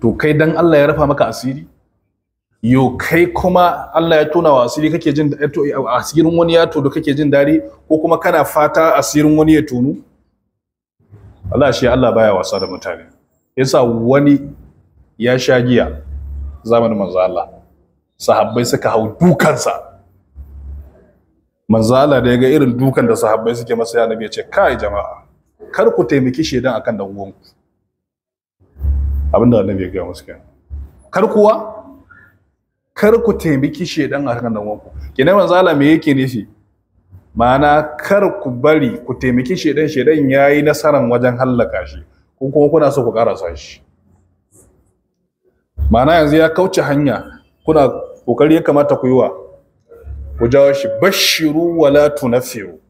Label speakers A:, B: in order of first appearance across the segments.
A: to kai dan Allah ya rafa maka asiri yo kai kuma Allah ya tona wa asiri kake jin asirin wani ya tono kake jin dare ko kuma kana fata asirin wani ya tonu Allah shi Allah baya wasa da mutane yasa wani ya sha giya zamanin manzo Allah sahabbai suka hau dukansa manzo Allah da ya ga irin dukan da sahabbai suke masa ya nabi ya ce kai jama'a kar ku taimaki shedan akan dan uwanku abinda annabi ya gaya musu kenan kar kuwa kar ku taimaki shedan a kan danwanku kenan manzo Allah me yake nufi ma'ana kar ku bari ku taimaki shedan shedan yayi nasaran wajen hallaka shi ko kuma kuna so ku karasa shi ma'ana yanzu ya kauce hanya kuna kokari ya kamata ku yi wa ku jawo shi bashiru wala tunafiru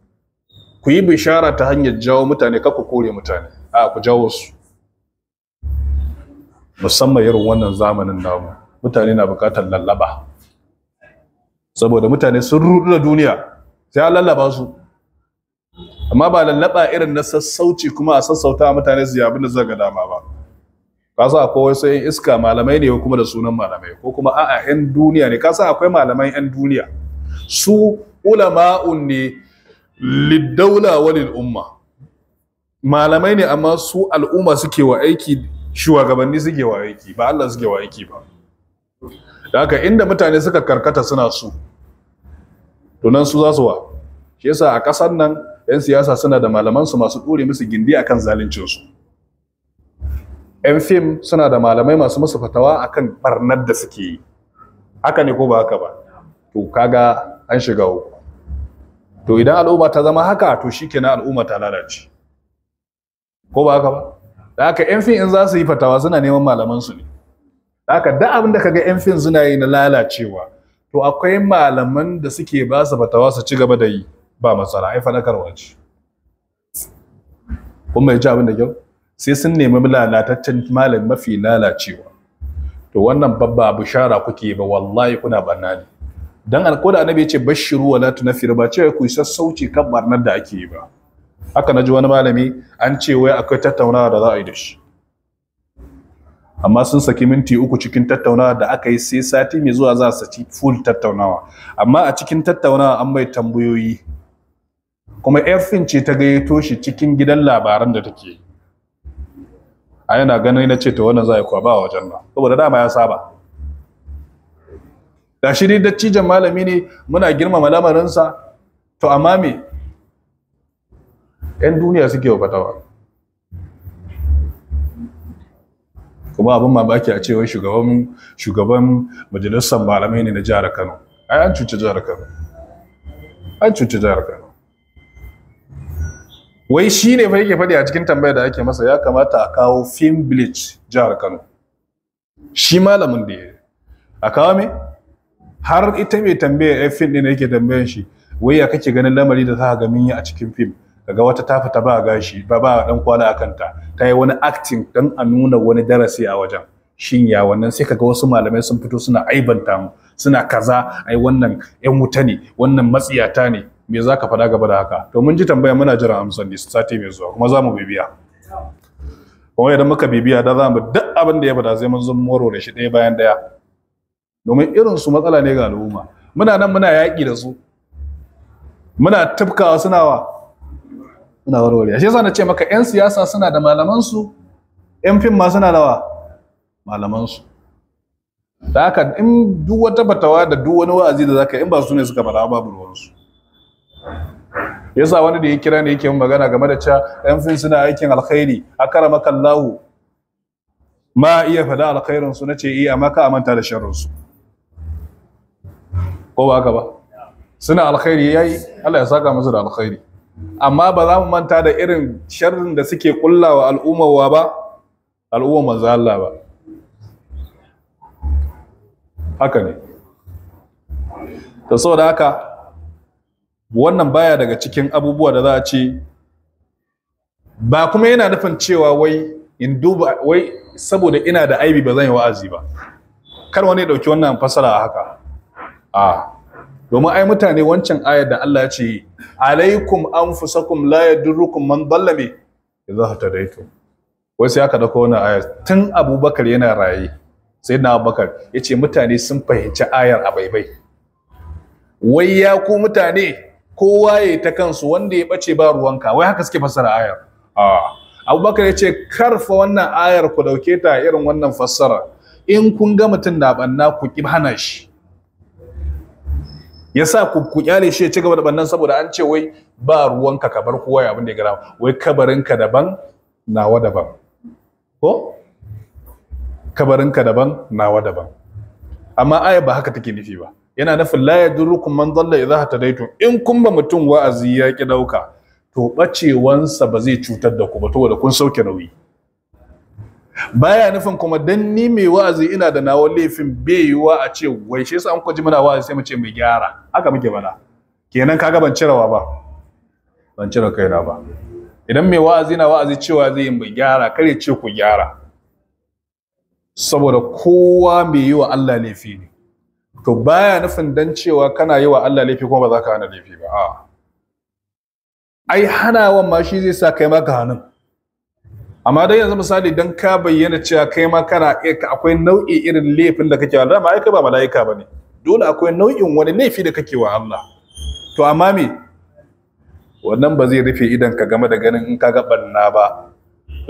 A: ku yi bishara ta hanyar jawo mutane kaku ku kore mutane a ku jawo su musamman irin wannan zamanin namu mutane na bukatar lallaba saboda mutane sun rudu da duniya sai an lallaba su amma ba lallaba irin na sassauci kuma a sassauta mutane su yabi da ga dama ba ka sa akwai sai iska malamai ne kuma da sunan malamai ko kuma a'a yan duniya ne ka sa akwai malamai yan duniya su ulama'un ne liddaula walil umma malamai ne amma su al'umma suke wa aiki shugabanni suke wa ki, ba Allah suke wa ki ba da haka inda mutane suka karkata suna su to su za su wa shi yasa a ƙasar nan 'yan siyasa suna da malaman su masu ɗore musu gindi akan zalincin su 'yan fim suna da malamai masu musu fatawa akan barnar da suke yi haka ne ko ba haka ba to kaga an shiga uku to idan al'umma ta zama haka to shikenan al'umma ta lalace ko ba haka ba da haka yan fin in za su yi fatawa suna neman malaman su ne da haka duk abin da kaga yan fin suna yi na lalacewa to akwai malaman da suke ba su fatawa su ci gaba da yi ba matsala ai fadakarwa ce kun mai ji abin da kyau sai sun nemi lalataccen malam mafi lalacewa to wannan babba bishara kuke ba wallahi kuna barna ne dan alkoda annabi ya ce bashiru wala tunafir ba cewa ku sassauci kan barnar da ake yi ba haka na ji wani malami an ce wai akwai tattaunawa da za a yi da shi amma sun saki minti uku cikin tattaunawa da aka yi sai sati mai zuwa za a saki full tattaunawa amma a cikin tattaunawa an mai tambayoyi kuma efin ce ta gayyato shi cikin gidan labaran da take a yana ganin na ce ta wannan za a yi kwaba a wajen nan saboda dama ya saba da shi dai dattijan malami ne muna girmama lamarinsa to amma me 'yan duniya suke wa fatawa kuma abin mamaki a cewa shugaban shugaban majalisar malamai ne na jihar kano ai an cuci jihar kano an cuce jihar kano wai shi ne fa yake faɗi a cikin tambayar da ake masa ya kamata a kawo film village jihar kano shi malamin da ya a kawo me har ita mai tambayar fim ɗin yake tambayar shi wai ya kake ganin lamari da za ga mun yi a cikin fim kaga wata ta fita ba gashi ba ba dan kwana akan ta ta yi wani acting dan a nuna wani darasi a wajen shin ya wannan sai kaga wasu malamai sun fito suna aibanta mu suna kaza ai wannan yan wuta ne wannan matsiyata ne me za ka faɗa gaba da haka to mun ji tambaya muna jiran amsar ne sati mai zuwa kuma za mu bibiya kuma idan muka bibiya da za mu duk abin da ya bada sai mun zo moro da shi ɗaya bayan ɗaya domin irin su matsala ne ga al'umma muna nan muna yaƙi da su muna tafkawa suna wa suna warware shi yasa na ce maka yan siyasa suna da malamansu yan fim ma suna nawa? malamansu da haka in duk wata batawa da duk wani wa'azi da zaka in ba su ne suka fara babu ruwansu yasa wani da ya kira ne yake magana game da cewa yan fim suna aikin alkhairi akramaka Allahu ma iya fada alkhairin su nace iya eh, maka amanta da sharrin su ko ba haka ba suna alkhairi yayi Allah ya saka musu da alkhairi amma ba za mu manta da irin sharrin da suke kullawa al'ummarwa ba al'ummar manzo Allah ba haka ne ta saboda haka wannan baya daga cikin abubuwa da za a ce ba kuma yana nufin cewa wai in duba wai saboda ina da aibi ba zan yi wa'azi ba kar wani dauki wannan fasara a haka a domin ai mutane wancan ayar da Allah ya ce alaikum anfusakum la yadurrukum man dalla me idza hadaitu wai sai aka dauko wannan ayar tun Abubakar yana raye sai na Abubakar yace mutane sun fahimci ayar a baibai wai ya ku mutane kowa ya ta kansu wanda ya bace ba ruwanka wai haka suke fassara ayar a Abubakar yace karfa wannan ayar ku dauke ta irin wannan fassara in kun ga mutum na banna ku ki hana shi yasa ku ku kyale shi ya ci gaba da bannan saboda an ce wai ba ruwanka ka bar kowa abin da ya gara wai kabarinka daban nawa daban ko kabarinka daban nawa daban amma aya ba haka take nufi ba yana nufin la yadurukum man dhalla idza hatadaitum in kun ba mutum wa'azi ya ki dauka to bacewansa ba zai cutar da ku ba to da kun sauke nauyi baya nufin kuma dan ni mai wa'azi ina da nawa laifin bai wa a ce wai shi yasa an kwaji muna wa'azi sai mu ce mu gyara haka muke bada kenan kaga ban cirawa ba ban cire kaina ba idan mai wa'azi na wa'azi cewa zai yi mai gyara ya ce ku gyara saboda kowa mai yi wa Allah laifi ne to baya nufin dan cewa kana yi wa Allah laifi kuma ba za ka hana laifi ba a ai hanawan ma shi zai sa kai maka hannun amma dai yanzu misali dan ka bayyana cewa kai ma kana akwai nau'i irin laifin da kake wa Allah ba mala'ika bane dole akwai nau'in wani laifi da kake wa Allah to amma me wannan ba zai rufe idan ka game da ganin in ka ga banna ba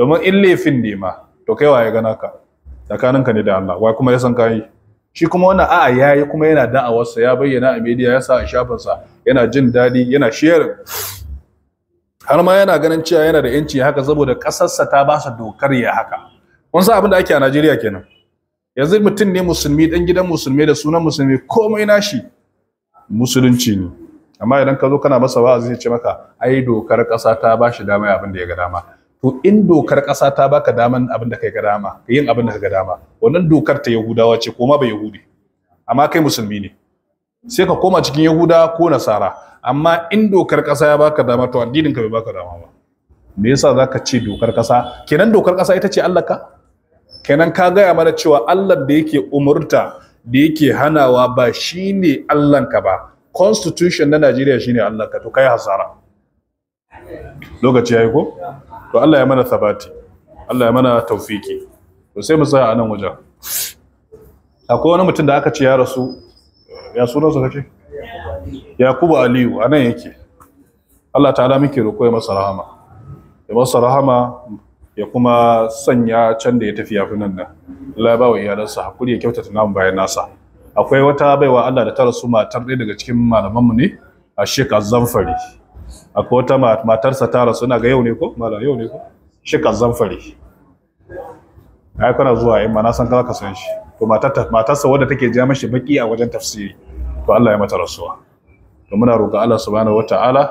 A: domin in laifin ne ma to kai waye gana ka Tsakanin ka ne da Allah wai kuma ya san kai shi kuma wannan a'a yayi kuma yana da'awarsa ya bayyana a media ya sa a shafinsa yana jin daɗi yana sharing har ma yana ganin cewa yana da yanci haka saboda ƙasarsa ta ba sa dokar ya haka kun san abin da ake a Najeriya kenan yanzu mutum ne musulmi dan gidan musulmi da sunan musulmi komai nashi musulunci ne amma idan ka zo kana masa wa'azi ya ce maka ai dokar ƙasa ta ba shi dama abin da ya ga dama to in dokar ƙasa ta baka daman abin da kai ga dama yin abin da ka ga dama wannan dokar ta Yahudawa ce ko ma ba Yahudi amma kai musulmi ne sai ka koma cikin yahuda ko nasara amma in dokar kasa ya baka dama to addinin ka bai baka dama ba me yasa zaka ce dokar kasa kenan dokar kasa ita ce Allah ka kenan ka gaya mana cewa Allah da yake umurta da yake hanawa ba shine Allah ka ba constitution na Najeriya shine Allah ka to kai hasara lokaci yayi ko to Allah ya mana sabati Allah ya mana tawfiki to sai mu tsaya a nan wajen akwai wani mutum da aka ce ya rasu ya sunansa kace yakubu aliyu a nan yake Allah ta'ala muke roƙo ya masa rahama ya masa rahama ya kuma sanya can da ya tafi ya fi nan nan Allah ya ba wa iyalansa hakuri ya kyautata namu bayan nasa akwai wata baiwa Allah da ta rasu matar ɗaya daga cikin malamanmu ne a shekar zamfari. akwai wata matarsa ta rasu na ga yau ne ko mala yau ne ko zamfari. ai kana zuwa in eh, ma na san ka ka san shi to matar matarsa wadda take ja mashi baki a wajen tafsiri to Allah ya mata rasuwa to muna roƙa Allah subhanahu wataala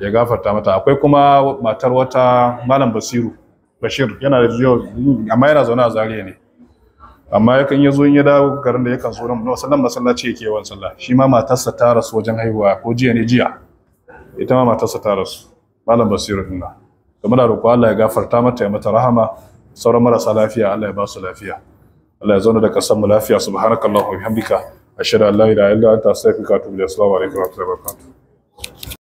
A: ya gafarta mata akwai kuma matar wata malam Basiru Bashir yana da zuwa. amma yana zaune a Zariya ne amma yakan ya zo in ya dawo garin da yakan zo nan no sallan masallaci yake yawan sallah shi ma matarsa ta rasu wajen haihuwa ko jiya ne jiya ita ma matarsa ta rasu malam Basiru din nan to muna roƙo Allah ya gafarta mata ya mata rahama sauran marasa lafiya Allah ya ba su lafiya Allah ya zauna da kasan mu lafiya subhanakallahumma wa bihamdika ashhadu an la ilaha illa anta astaghfiruka wa atubu ilayk assalamu alaikum wa rahmatullahi wa barakatuh